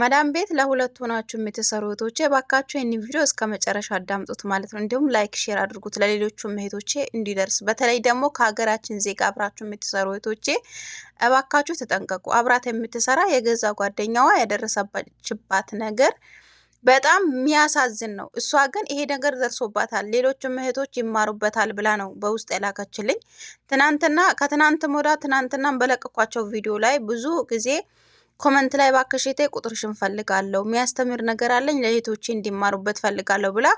መዳም ቤት ለሁለቱ ሆናችሁ የምትሰሩ እህቶቼ እባካችሁ ይህን ቪዲዮ እስከ መጨረሻ አዳምጡት ማለት ነው። እንዲሁም ላይክ ሼር አድርጉት ለሌሎቹም እህቶቼ እንዲደርስ። በተለይ ደግሞ ከሀገራችን ዜጋ አብራችሁ የምትሰሩ እህቶቼ እባካችሁ ተጠንቀቁ። አብራት የምትሰራ የገዛ ጓደኛዋ ያደረሰባችባት ነገር በጣም የሚያሳዝን ነው። እሷ ግን ይሄ ነገር ደርሶባታል፣ ሌሎችም እህቶች ይማሩበታል ብላ ነው በውስጥ የላከችልኝ። ትናንትና ከትናንት ሞዳ ትናንትና በለቀኳቸው ቪዲዮ ላይ ብዙ ጊዜ ኮመንት ላይ እባክሽ እህቴ ቁጥርሽን ፈልጋለሁ የሚያስተምር ነገር አለኝ ለእህቶቼ እንዲማሩበት ፈልጋለሁ ብላ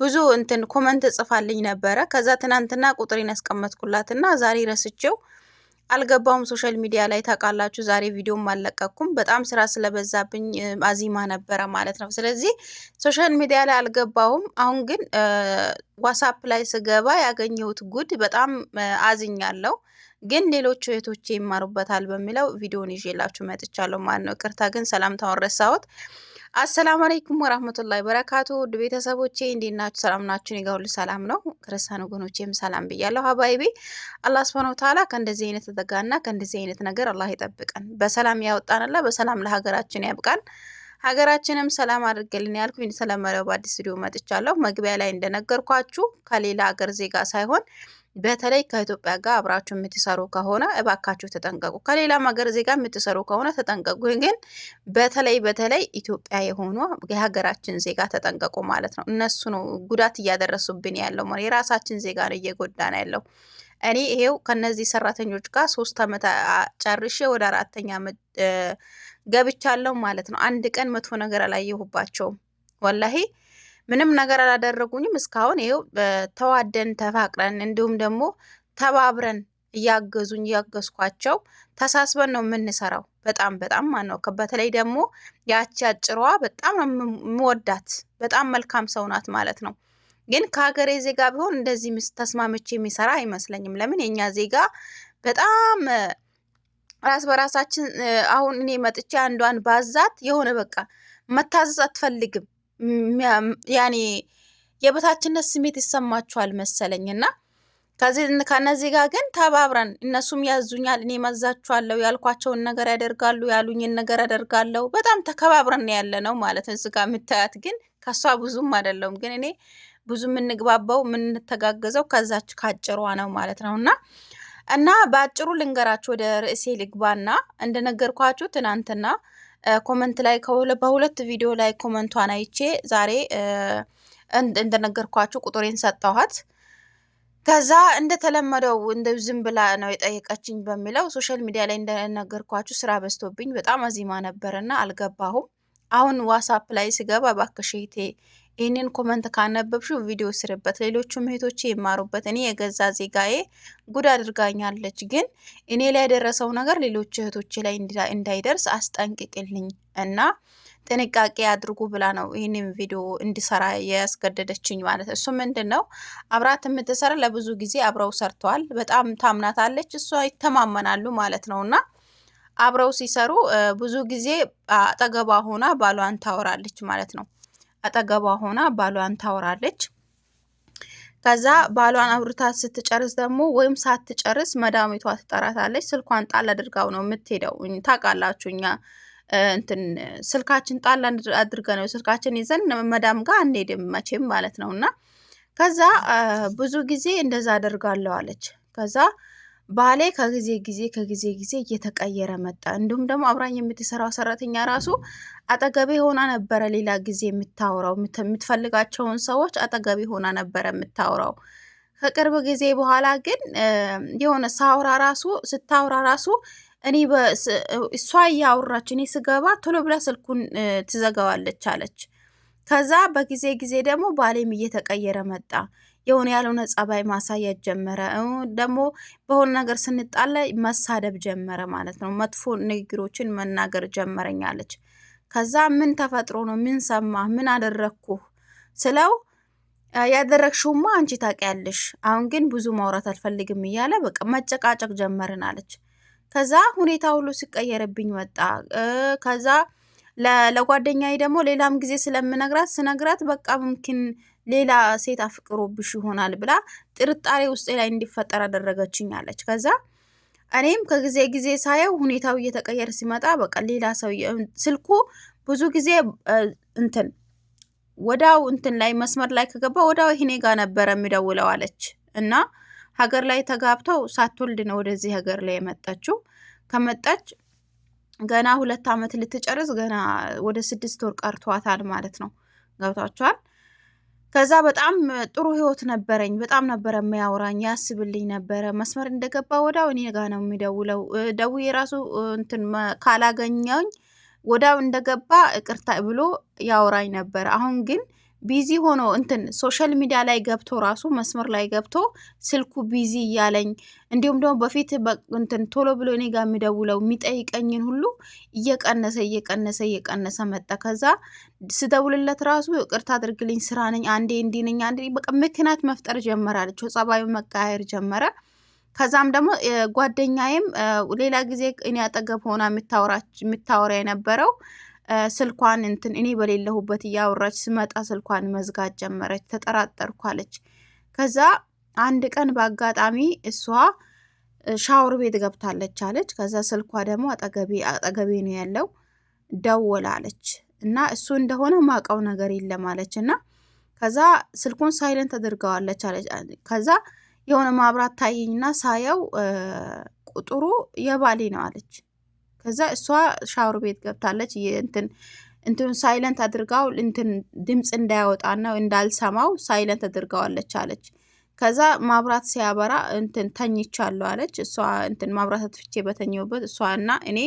ብዙ እንትን ኮመንት ጽፋልኝ ነበረ። ከዛ ትናንትና ቁጥሬን ያስቀመጥኩላትና ዛሬ ረስቼው አልገባውም። ሶሻል ሚዲያ ላይ ታውቃላችሁ፣ ዛሬ ቪዲዮም አልለቀኩም። በጣም ስራ ስለበዛብኝ አዚማ ነበረ ማለት ነው። ስለዚህ ሶሻል ሚዲያ ላይ አልገባውም። አሁን ግን ዋትሳፕ ላይ ስገባ ያገኘሁት ጉድ በጣም አዝኛለሁ። ግን ሌሎች እህቶቼ ይማሩበታል በሚለው ቪዲዮን ይዤላችሁ መጥቻለሁ ማለት ነው። ቅርታ ግን ሰላምታውን ረሳሁት። አሰላሙ አለይኩም ወራህመቱላሂ በረካቱ ውድ ቤተሰቦቼ እንዴት ናችሁ? ሰላም ናችሁን? እኔ ሰላም ነው። ክርስቲያን ወገኖቼም ሰላም ብያለሁ። ሀባይቤ አላህ ሱብሃነሁ ወተዓላ ከእንደዚህ አይነት ተጠጋና ከእንደዚህ አይነት ነገር አላህ ይጠብቀን፣ በሰላም ያወጣንላ፣ በሰላም ለሀገራችን ያብቃን፣ ሀገራችንም ሰላም አድርገልን ያልኩ እንደተለመደው በአዲስ ስቱዲዮ መጥቻለሁ። መግቢያ ላይ እንደነገርኳችሁ ከሌላ ሀገር ዜጋ ሳይሆን በተለይ ከኢትዮጵያ ጋር አብራችሁ የምትሰሩ ከሆነ እባካችሁ ተጠንቀቁ። ከሌላም ሀገር ዜጋ የምትሰሩ ከሆነ ተጠንቀቁ። ግን በተለይ በተለይ ኢትዮጵያ የሆኑ የሀገራችን ዜጋ ተጠንቀቁ ማለት ነው። እነሱ ነው ጉዳት እያደረሱብን ያለው ማለት የራሳችን ዜጋ ነው እየጎዳን ያለው። እኔ ይሄው ከነዚህ ሰራተኞች ጋር ሶስት ዓመት ጨርሼ ወደ አራተኛ ዓመት ገብቻለሁ ማለት ነው። አንድ ቀን መጥፎ ነገር አላየሁባቸውም ወላሄ። ምንም ነገር አላደረጉኝም። እስካሁን ይኸው ተዋደን ተፋቅረን እንዲሁም ደግሞ ተባብረን እያገዙኝ እያገዝኳቸው ተሳስበን ነው የምንሰራው። በጣም በጣም ነው በተለይ ደግሞ ያቺ አጭሯዋ በጣም ነው የምወዳት። በጣም መልካም ሰው ናት ማለት ነው። ግን ከሀገሬ ዜጋ ቢሆን እንደዚህ ተስማምቼ የሚሰራ አይመስለኝም። ለምን የኛ ዜጋ በጣም ራስ በራሳችን አሁን እኔ መጥቼ አንዷን ባዛት የሆነ በቃ መታዘዝ አትፈልግም። ያኔ የበታችነት ስሜት ይሰማችኋል መሰለኝ እና ከነዚህ ጋር ግን ተባብረን እነሱም ያዙኛል፣ እኔ መዛችኋለሁ፣ ያልኳቸውን ነገር ያደርጋሉ፣ ያሉኝን ነገር ያደርጋለሁ። በጣም ተከባብረን ያለ ነው ማለት ነው። እዚጋ የምታያት ግን ከሷ ብዙም አይደለውም፣ ግን እኔ ብዙ የምንግባባው የምንተጋገዘው ከዛች ካጭሯ ነው ማለት ነው እና እና በአጭሩ ልንገራችሁ ወደ ርዕሴ ልግባና እንደነገርኳችሁ ትናንትና ኮመንት ላይ በሁለት ቪዲዮ ላይ ኮመንቷን አይቼ ዛሬ እንደነገርኳችሁ ቁጥሬን ሰጠኋት። ከዛ እንደተለመደው እንደ ዝም ብላ ነው የጠየቀችኝ በሚለው ሶሻል ሚዲያ ላይ እንደነገርኳችሁ ስራ በዝቶብኝ በጣም አዚማ ነበርና አልገባሁም። አሁን ዋሳፕ ላይ ስገባ እባክሽ እህቴ ይህንን ኮመንት ካነበብሽው ቪዲዮ ስርበት፣ ሌሎቹም እህቶቼ ይማሩበት። እኔ የገዛ ዜጋዬ ጉድ አድርጋኛለች፣ ግን እኔ ላይ የደረሰው ነገር ሌሎች እህቶቼ ላይ እንዳይደርስ አስጠንቅቅልኝ እና ጥንቃቄ አድርጉ ብላ ነው ይህንን ቪዲዮ እንዲሰራ ያስገደደችኝ ማለት ነው። እሱ ምንድን ነው አብራት የምትሰራ ለብዙ ጊዜ አብረው ሰርተዋል። በጣም ታምናታለች፣ እሷ ይተማመናሉ ማለት ነው እና አብረው ሲሰሩ ብዙ ጊዜ አጠገቧ ሆና ባሏን ታወራለች ማለት ነው። አጠገቧ ሆና ባሏን ታወራለች። ከዛ ባሏን አውርታ ስትጨርስ ደግሞ ወይም ሳትጨርስ መዳሚቷ ትጠራታለች። ስልኳን ጣል አድርጋው ነው የምትሄደው። ታውቃላችሁ እኛ እንትን ስልካችን ጣል አድርገ ነው ስልካችን ይዘን መዳም ጋር አንሄድም መቼም ማለት ነው። እና ከዛ ብዙ ጊዜ እንደዛ አደርጋለሁ አለች። ከዛ ባሌ ከጊዜ ጊዜ ከጊዜ ጊዜ እየተቀየረ መጣ። እንዲሁም ደግሞ አብራኝ የምትሰራው ሰራተኛ ራሱ አጠገቤ ሆና ነበረ። ሌላ ጊዜ የምታወራው የምትፈልጋቸውን ሰዎች አጠገቤ ሆና ነበረ የምታወራው። ከቅርብ ጊዜ በኋላ ግን የሆነ ሳውራ ራሱ ስታውራ ራሱ እኔ እሷ እያወራች እኔ ስገባ ቶሎ ብላ ስልኩን ትዘጋዋለች አለች። ከዛ በጊዜ ጊዜ ደግሞ ባሌም እየተቀየረ መጣ። የሆነ ያልሆነ ጸባይ ማሳየት ጀመረ። ደግሞ በሆነ ነገር ስንጣለ መሳደብ ጀመረ ማለት ነው። መጥፎ ንግግሮችን መናገር ጀመረኛለች። ከዛ ምን ተፈጥሮ ነው? ምን ሰማ ምን አደረግኩ ስለው ያደረግሽውማ አንቺ ታውቂያለሽ። አሁን ግን ብዙ ማውራት አልፈልግም እያለ በቃ መጨቃጨቅ ጀመርን አለች። ከዛ ሁኔታ ሁሉ ሲቀየርብኝ ወጣ። ከዛ ለጓደኛዬ ደግሞ ሌላም ጊዜ ስለምነግራት ስነግራት በቃ ምምኪን ሌላ ሴት አፍቅሮብሽ ይሆናል ብላ ጥርጣሬ ውስጤ ላይ እንዲፈጠር አደረገችኝ አለች። ከዛ እኔም ከጊዜ ጊዜ ሳየው ሁኔታው እየተቀየረ ሲመጣ በቃ ሌላ ሰው ስልኩ ብዙ ጊዜ እንትን ወዳው እንትን ላይ መስመር ላይ ከገባ ወዳው ይሄኔ ጋር ነበረ የሚደውለው አለች። እና ሀገር ላይ ተጋብተው ሳትወልድ ነው ወደዚህ ሀገር ላይ የመጣችው። ከመጣች ገና ሁለት ዓመት ልትጨርስ ገና ወደ ስድስት ወር ቀርቷታል ማለት ነው። ገብቷቸዋል። ከዛ በጣም ጥሩ ህይወት ነበረኝ። በጣም ነበረ የሚያወራኝ ያስብልኝ ነበረ። መስመር እንደገባ ወዳው እኔ ጋ ነው የሚደውለው። ደውዬ የራሱ እንትን ካላገኘኝ ወዳው እንደገባ እቅርታ ብሎ ያወራኝ ነበር። አሁን ግን ቢዚ ሆኖ እንትን ሶሻል ሚዲያ ላይ ገብቶ ራሱ መስመር ላይ ገብቶ ስልኩ ቢዚ እያለኝ እንዲሁም ደግሞ በፊት እንትን ቶሎ ብሎ እኔ ጋር የሚደውለው የሚጠይቀኝን ሁሉ እየቀነሰ እየቀነሰ እየቀነሰ መጣ። ከዛ ስደውልለት ራሱ ይቅርታ አድርግልኝ ስራ ነኝ አንዴ እንዲህ ነኝ አንዴ በቃ ምክንያት መፍጠር ጀመራለች። ጸባዩ መቀያየር ጀመረ። ከዛም ደግሞ ጓደኛዬም ሌላ ጊዜ እኔ አጠገብ ሆና የምታወራ የነበረው ስልኳን እንትን እኔ በሌለሁበት እያወራች ስመጣ ስልኳን መዝጋት ጀመረች። ተጠራጠርኩ አለች። ከዛ አንድ ቀን በአጋጣሚ እሷ ሻወር ቤት ገብታለች አለች። ከዛ ስልኳ ደግሞ አጠገቤ አጠገቤ ነው ያለው ደወለ አለች። እና እሱ እንደሆነ ማቀው ነገር የለም አለች። እና ከዛ ስልኩን ሳይለንት አድርገዋለች አለች። ከዛ የሆነ ማብራት ታየኝና ሳየው ቁጥሩ የባሌ ነው አለች። ከዛ እሷ ሻወር ቤት ገብታለች እንትን እንትን ሳይለንት አድርጋው እንትን ድምፅ እንዳያወጣና እንዳልሰማው ሳይለንት አድርገዋለች አለች። ከዛ ማብራት ሲያበራ እንትን ተኝቻለሁ አለች። እሷ እንትን ማብራት አጥፍቼ በተኘውበት እሷ እና እኔ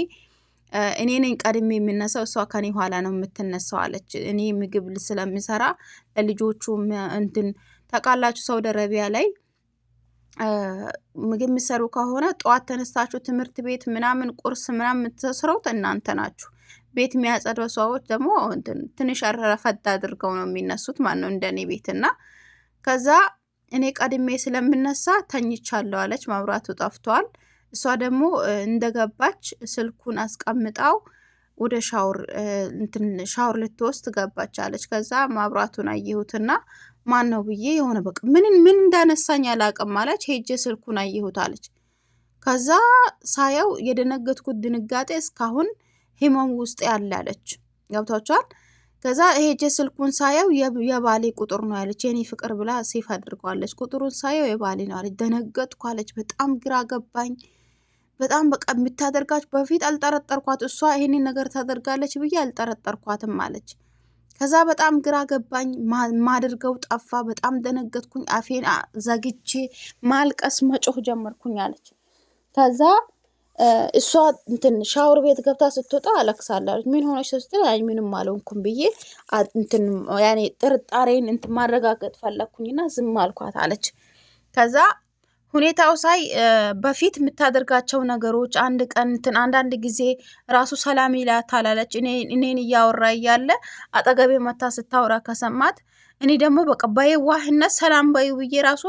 እኔ ነኝ ቀድሜ የምነሳው እሷ ከኔ ኋላ ነው የምትነሳው አለች። እኔ ምግብ ስለምሰራ ለልጆቹ እንትን ታውቃላችሁ፣ ሳውዲ አረቢያ ላይ ምግብ የምትሰሩ ከሆነ ጠዋት ተነስታችሁ ትምህርት ቤት ምናምን ቁርስ ምናምን የምትሰሩት እናንተ ናችሁ። ቤት የሚያጸደው ሰዎች ደግሞ ትንሽ ረፈት አድርገው ነው የሚነሱት። ማን ነው እንደኔ ቤት እና ከዛ እኔ ቀድሜ ስለምነሳ ተኝቻለሁ አለች። መብራቱ ጠፍቷል። እሷ ደግሞ እንደገባች ስልኩን አስቀምጣው ወደ ሻውር ሻውር ልትወስድ ገባች አለች። ከዛ መብራቱን አየሁትና ማን ነው ብዬ የሆነ በቃ ምን ምን እንዳነሳኝ አላቅም አለች። ሄጄ ስልኩን አየሁት አለች። ከዛ ሳየው የደነገጥኩት ድንጋጤ እስካሁን ህመሙ ውስጥ ያለ አለች። ገብቷቸዋል። ከዛ ሄጄ ስልኩን ሳየው የባሌ ቁጥር ነው ያለች። የኔ ፍቅር ብላ ሴፍ አድርገዋለች። ቁጥሩን ሳየው የባሌ ነው አለች። ደነገጥኩ አለች። በጣም ግራ ገባኝ። በጣም በቃ የምታደርጋች በፊት አልጠረጠርኳት። እሷ ይሄንን ነገር ታደርጋለች ብዬ አልጠረጠርኳትም አለች። ከዛ በጣም ግራ ገባኝ፣ ማድርገው ጠፋ። በጣም ደነገጥኩኝ። አፌን ዘግቼ ማልቀስ መጮህ ጀመርኩኝ አለች። ከዛ እሷ እንትን ሻወር ቤት ገብታ ስትወጣ አለቅሳለች። ምን ሆነች ስትል ያኝ ምንም አልሆንኩም ብዬ እንትን ያኔ ጥርጣሬን እንትን ማረጋገጥ ፈለግኩኝና ዝም አልኳት አለች። ከዛ ሁኔታው ሳይ በፊት የምታደርጋቸው ነገሮች አንድ ቀን እንትን አንዳንድ ጊዜ ራሱ ሰላም ይላታል አለች። እኔን እያወራ እያለ አጠገቤ መታ ስታወራ ከሰማት እኔ ደግሞ በቃ በየዋህነት ሰላም በይ ብዬ ራሱ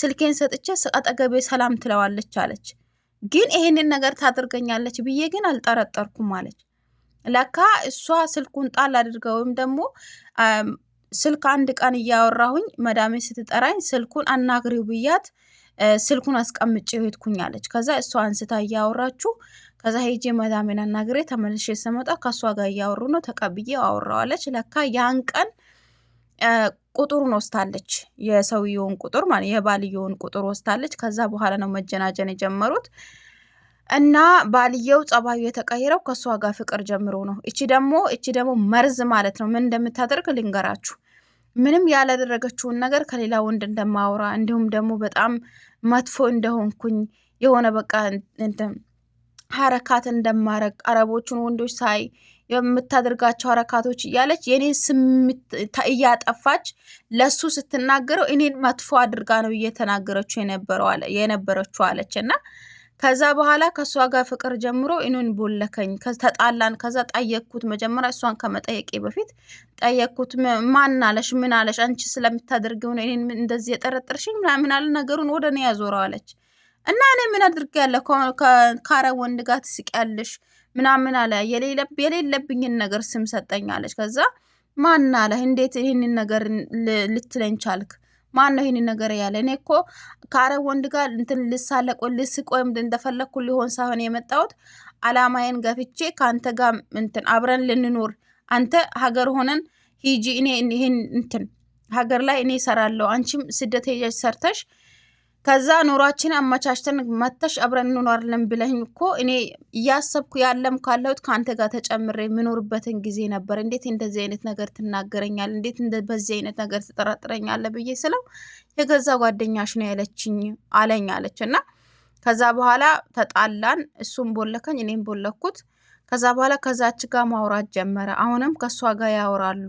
ስልኬን ሰጥቼ አጠገቤ ሰላም ትለዋለች አለች። ግን ይሄንን ነገር ታደርገኛለች ብዬ ግን አልጠረጠርኩም አለች። ለካ እሷ ስልኩን ጣል አድርገ ወይም ደግሞ ስልክ አንድ ቀን እያወራሁኝ መዳሜ ስትጠራኝ ስልኩን አናግሪው ብያት ስልኩን አስቀምጭ ሄድኩኝ አለች። ከዛ እሷ አንስታ እያወራችሁ ከዛ ሄጄ መዳሜን አናግሬ ተመልሼ ስመጣ ከእሷ ጋር እያወሩ ነው ተቀብዬ አወራዋለች። ለካ ያን ቀን ቁጥሩን ወስታለች፣ የሰውየውን ቁጥር ማለት የባልየውን ቁጥር ወስታለች። ከዛ በኋላ ነው መጀናጀን የጀመሩት እና ባልየው ጸባዩ የተቀየረው ከእሷ ጋር ፍቅር ጀምሮ ነው። እቺ ደግሞ እቺ ደግሞ መርዝ ማለት ነው። ምን እንደምታደርግ ልንገራችሁ። ምንም ያላደረገችውን ነገር ከሌላ ወንድ እንደማወራ እንዲሁም ደግሞ በጣም መጥፎ እንደሆንኩኝ የሆነ በቃ ሀረካት እንደማረግ አረቦቹን ወንዶች ሳይ የምታደርጋቸው ሀረካቶች እያለች የኔን ስም እያጠፋች ለሱ ስትናገረው እኔን መጥፎ አድርጋ ነው እየተናገረችው የነበረችው አለች እና ከዛ በኋላ ከእሷ ጋር ፍቅር ጀምሮ እኔን ቦለከኝ፣ ተጣላን። ከዛ ጠየቅኩት። መጀመሪያ እሷን ከመጠየቄ በፊት ጠየቅኩት። ማን አለሽ? ምን አለሽ? አንቺ ስለምታደርጊው ነው እኔን እንደዚህ የጠረጠርሽኝ ምናምን አለ። ነገሩን ወደ እኔ ያዞረው አለች እና እኔ ምን አድርጌያለሁ? ከአረብ ወንድ ጋር ትስቂያለሽ ምናምን አለ። የሌለብኝን ነገር ስም ሰጠኝ አለች። ከዛ ማን አለህ? እንዴት ይህንን ነገር ልትለኝ ቻልክ? ማን ነው ይህን ነገር ያለ? እኔ እኮ ከአረብ ወንድ ጋር እንትን ልሳለቆ ልስቆ እንደፈለግኩ ሊሆን ሳይሆን የመጣሁት አላማዬን ገፍቼ ከአንተ ጋር እንትን አብረን ልንኖር አንተ ሀገር ሆነን ሂጂ እኔ ይህን እንትን ሀገር ላይ እኔ እሰራለሁ፣ አንቺም ስደት ሄጃች ሰርተሽ ከዛ ኑሯችን አመቻችተን መተሽ አብረን እንኖራለን ብለኝ እኮ እኔ እያሰብኩ ያለም ካለሁት ከአንተ ጋር ተጨምሬ የምኖርበትን ጊዜ ነበር። እንዴት እንደዚህ አይነት ነገር ትናገረኛል? እንዴት በዚህ አይነት ነገር ትጠራጥረኛለ? ብዬ ስለው የገዛ ጓደኛሽ ነው ያለችኝ አለኝ አለች እና ከዛ በኋላ ተጣላን። እሱም ቦለከኝ፣ እኔም ቦለኩት። ከዛ በኋላ ከዛች ጋር ማውራት ጀመረ። አሁንም ከእሷ ጋር ያወራሉ።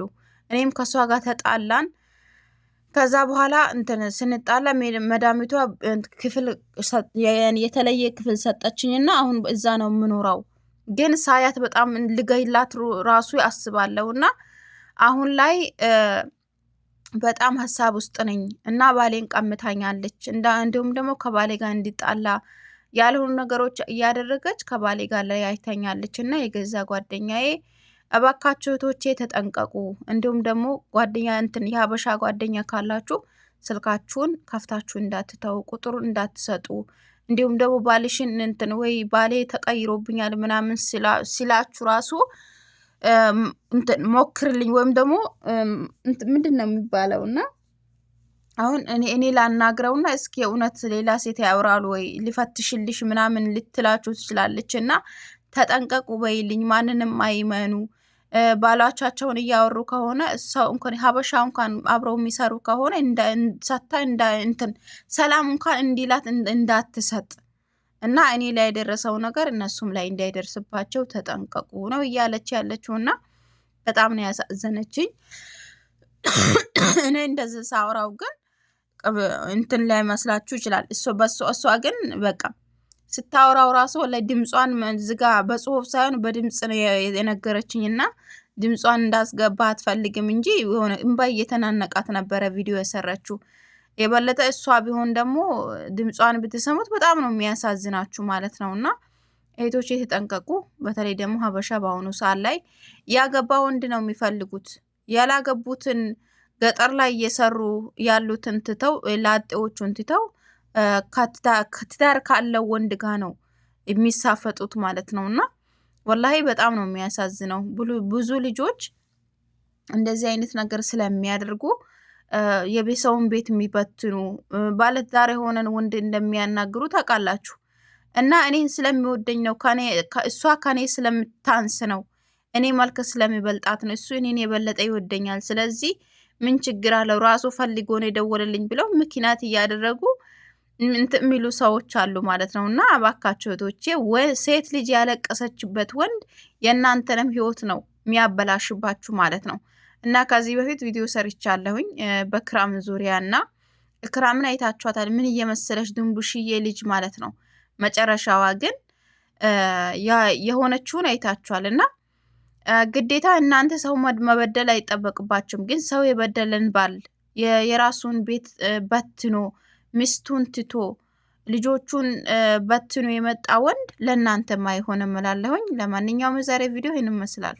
እኔም ከእሷ ጋር ተጣላን። ከዛ በኋላ እንትን ስንጣላ መዳሚቷ ክፍል የተለየ ክፍል ሰጠችኝና አሁን እዛ ነው የምኖረው። ግን ሳያት በጣም ልገይላት ራሱ አስባለሁ እና አሁን ላይ በጣም ሀሳብ ውስጥ ነኝ እና ባሌን ቀምታኛለች። እንዲሁም ደግሞ ከባሌ ጋር እንዲጣላ ያልሆኑ ነገሮች እያደረገች ከባሌ ጋር አይተኛለች እና የገዛ ጓደኛዬ እባካችሁ እህቶቼ ተጠንቀቁ። እንዲሁም ደግሞ ጓደኛ እንትን የሀበሻ ጓደኛ ካላችሁ ስልካችሁን ከፍታችሁ እንዳትተው፣ ቁጥር እንዳትሰጡ። እንዲሁም ደግሞ ባልሽን እንትን ወይ ባሌ ተቀይሮብኛል ምናምን ሲላችሁ ራሱ እንትን ሞክርልኝ ወይም ደግሞ ምንድን ነው የሚባለው እና አሁን እኔ ላናግረውና እስኪ እውነት ሌላ ሴት ያውራሉ ወይ ሊፈትሽልሽ ምናምን ልትላችሁ ትችላለች እና ተጠንቀቁ በይልኝ። ማንንም አይመኑ። ባላቻቸውን እያወሩ ከሆነ ሰው እንኳን ሀበሻ እንኳን አብረው የሚሰሩ ከሆነ ሰታ እንትን ሰላም እንኳን እንዲላት እንዳትሰጥ እና እኔ ላይ የደረሰው ነገር እነሱም ላይ እንዳይደርስባቸው ተጠንቀቁ ነው እያለች ያለችው። እና በጣም ነው ያሳዘነችኝ። እኔ እንደዚህ ሳውራው ግን እንትን ላይ መስላችሁ ይችላል። እሷ ግን በቃ ስታወራው ራሱ ላይ ድምጿን ዝጋ በጽሁፍ ሳይሆን በድምፅ ነው የነገረችኝ እና ድምጿን እንዳስገባ አትፈልግም እንጂ የሆነ እምባ እየተናነቃት ነበረ ቪዲዮ የሰራችው። የበለጠ እሷ ቢሆን ደግሞ ድምጿን ብትሰሙት በጣም ነው የሚያሳዝናችሁ ማለት ነው። እና እህቶች የተጠንቀቁ። በተለይ ደግሞ ሀበሻ በአሁኑ ሰዓት ላይ ያገባ ወንድ ነው የሚፈልጉት። ያላገቡትን ገጠር ላይ እየሰሩ ያሉትን ትተው ላጤዎቹን ትተው ከትዳር ካለው ወንድ ጋ ነው የሚሳፈጡት ማለት ነው። እና ወላሂ በጣም ነው የሚያሳዝነው። ብዙ ልጆች እንደዚህ አይነት ነገር ስለሚያደርጉ የቤተሰቡን ቤት የሚበትኑ ባለትዳር የሆነን ወንድ እንደሚያናግሩ ታውቃላችሁ። እና እኔን ስለሚወደኝ ነው፣ እሷ ከኔ ስለምታንስ ነው፣ እኔ መልክ ስለሚበልጣት ነው፣ እሱ እኔን የበለጠ ይወደኛል፣ ስለዚህ ምን ችግር አለው ራሱ ፈልጎ ነው የደወለልኝ ብለው ምክንያት እያደረጉ እንትን የሚሉ ሰዎች አሉ ማለት ነው። እና እባካችሁ እህቶቼ ሴት ልጅ ያለቀሰችበት ወንድ የእናንተንም ህይወት ነው የሚያበላሽባችሁ ማለት ነው። እና ከዚህ በፊት ቪዲዮ ሰርቻለሁኝ በክራም ዙሪያ እና ክራምን አይታችኋታል። ምን እየመሰለች ድንቡሽዬ ልጅ ማለት ነው። መጨረሻዋ ግን የሆነችውን አይታችኋል። እና ግዴታ እናንተ ሰው መበደል አይጠበቅባችሁም። ግን ሰው የበደለን ባል የራሱን ቤት በትኖ ሚስቱን ትቶ ልጆቹን በትኖ የመጣ ወንድ ለእናንተም አይሆንም እላለሁኝ። ለማንኛውም የዛሬ ቪዲዮ ይህን ይመስላል።